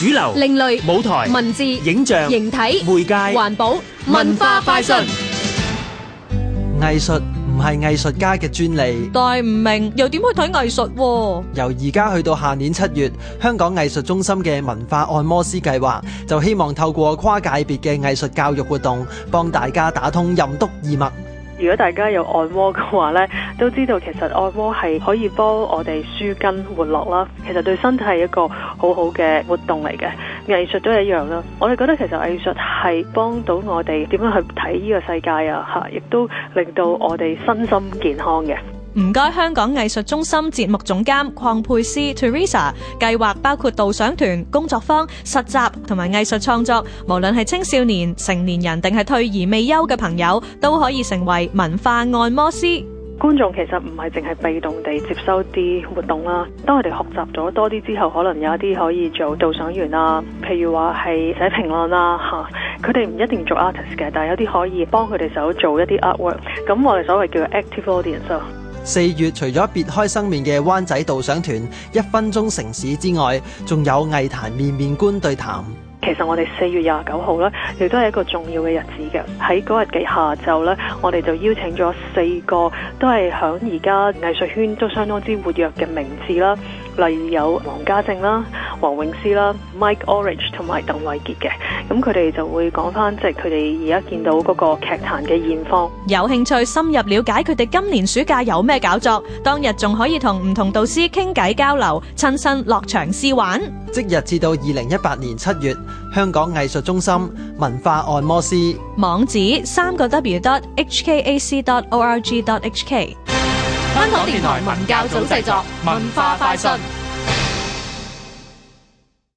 主流、另類、舞台、文字、影像、形體、媒介、環保、文化快訊。藝術唔係藝術家嘅專利，但係唔明又點去睇藝術喎？由而家去到下年七月，香港藝術中心嘅文化按摩師計劃就希望透過跨界別嘅藝術教育活動，幫大家打通任督二脈。如果大家有按摩嘅話咧，都知道其實按摩係可以幫我哋舒筋活絡啦。其實對身體係一個好好嘅活動嚟嘅。藝術都係一樣啦。我哋覺得其實藝術係幫到我哋點樣去睇呢個世界啊！吓，亦都令到我哋身心健康嘅。唔該，香港藝術中心節目總監鄺佩斯 Teresa 計劃包括導賞團、工作坊、實習同埋藝術創作，無論係青少年、成年人定係退而未休嘅朋友，都可以成為文化按摩師。觀眾其實唔係淨係被動地接收啲活動啦，當佢哋學習咗多啲之後，可能有一啲可以做導賞員啦，譬如話係寫評論啦，吓，佢哋唔一定做 artist 嘅，但係有啲可以幫佢哋手做一啲 artwork，咁我哋所謂叫做 active audience。四月除咗別開生面嘅灣仔導賞團、一分鐘城市之外，仲有藝壇面面觀對談。其實我哋四月廿九號咧，亦都係一個重要嘅日子嘅。喺嗰日嘅下晝咧，我哋就邀請咗四個都係響而家藝術圈都相當之活躍嘅名字啦。例如有黃家正啦、黃永詩啦、Mike Orange 同埋鄧偉傑嘅，咁佢哋就會講返，即係佢哋而家見到嗰個劇壇嘅現況。有興趣深入了解佢哋今年暑假有咩搞作？當日仲可以同唔同導師傾偈交流，親身落場試玩。即日至到二零一八年七月，香港藝術中心文化按摩師網址：三個 WdotHKAC.ORG.HK。香港電台文教組製作《文化快訊》。